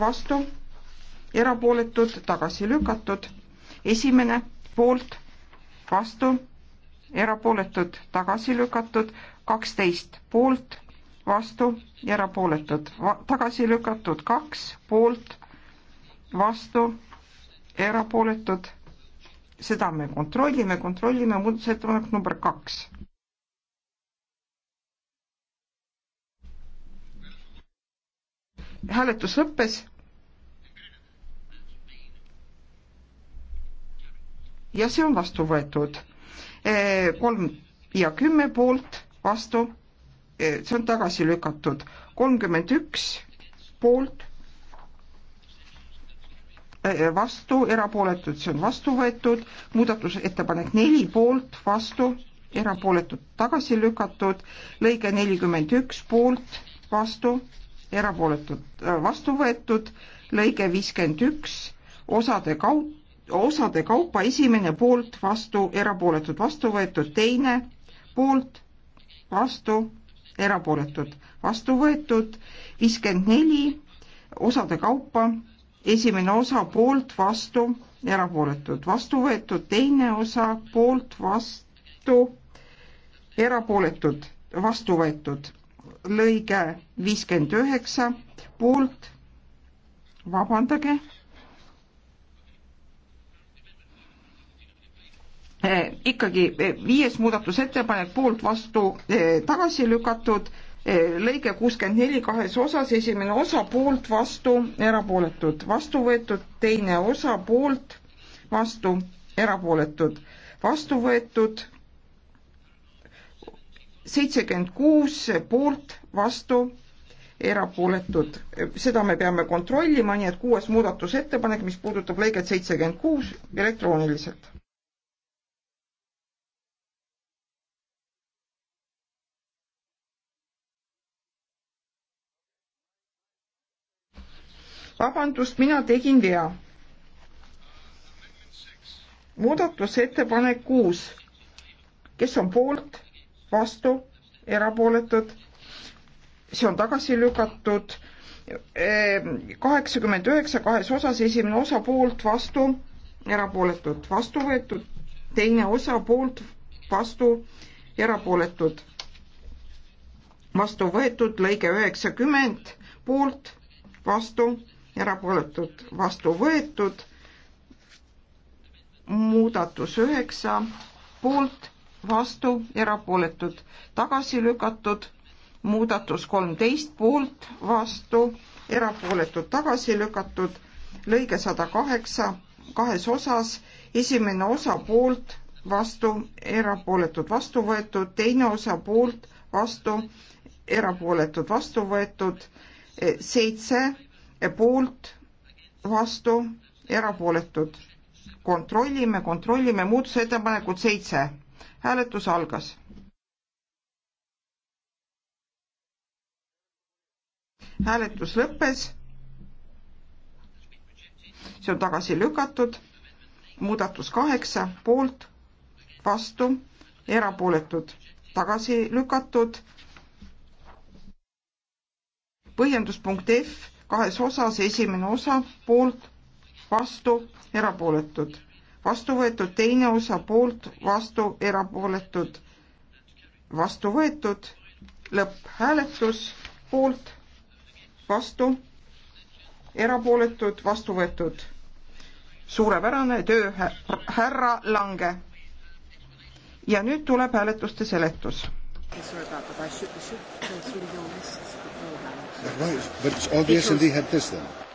vastu, erapooletud, tagasi lükatud. esimene poolt, vastu, erapooletud, tagasi lükatud, kaksteist poolt, vastu, erapooletud, tagasi lükatud, kaks poolt, vastu, erapooletud. seda me kontrollime, kontrollime muudatusettepanek number kaks hääletus lõppes. ja see on vastu võetud. E, kolm ja kümme poolt vastu, e, see on tagasi lükatud, kolmkümmend üks poolt e, vastu, erapooletud, see on vastu võetud, muudatusettepanek neli poolt, vastu, erapooletud, tagasi lükatud, lõige nelikümmend üks poolt, vastu, erapooletud vastu võetud, lõige viiskümmend üks, osade kaup, osade kaupa esimene poolt vastu, erapooletud vastu võetud, teine poolt vastu, erapooletud vastu võetud, viiskümmend neli, osade kaupa, esimene osa poolt vastu, erapooletud vastu võetud, teine osa poolt vastu, erapooletud vastu võetud lõige viiskümmend üheksa poolt, vabandage. Eh, ikkagi eh, viies muudatusettepanek poolt vastu eh, tagasi lükatud, lõige kuuskümmend neli kahes osas, esimene osa poolt vastu, erapooletud, vastu võetud, teine osa poolt vastu, erapooletud, vastu võetud seitsekümmend kuus poolt, vastu, erapooletud, seda me peame kontrollima, nii et kuues muudatusettepanek, mis puudutab lõiget seitsekümmend kuus elektrooniliselt. vabandust, mina tegin vea muudatusettepanek kuus, kes on poolt, vastu, erapooletud, see on tagasi lükatud, ehm, kaheksakümmend üheksa kahes osas, esimene osa poolt, vastu, erapooletud, vastu võetud, teine osa poolt, vastu, erapooletud, vastu võetud, lõige üheksakümmend, poolt, vastu, erapooletud, vastu võetud, muudatus üheksa, poolt vastu, erapooletud, tagasi lükatud, muudatus kolmteist poolt, vastu, erapooletud, tagasi lükatud, lõige sada kaheksa, kahes osas, esimene osa poolt, vastu, erapooletud, vastu võetud, teine osa poolt, vastu, erapooletud, vastu võetud, seitse poolt, vastu, erapooletud. kontrollime, kontrollime muudatusettepanekut seitse hääletus algas. hääletus lõppes. see on tagasi lükatud. muudatus kaheksa poolt, vastu, erapooletud, tagasi lükatud. põhjenduspunkt F kahes osas, esimene osa poolt, vastu, erapooletud vastu võetud, teine osa poolt, vastu, erapooletud, vastu võetud, lõpphääletus, poolt, vastu, erapooletud, vastu võetud. suurepärane töö, härra Lange. ja nüüd tuleb hääletuste seletus. Right, but it's obvious and they had this then.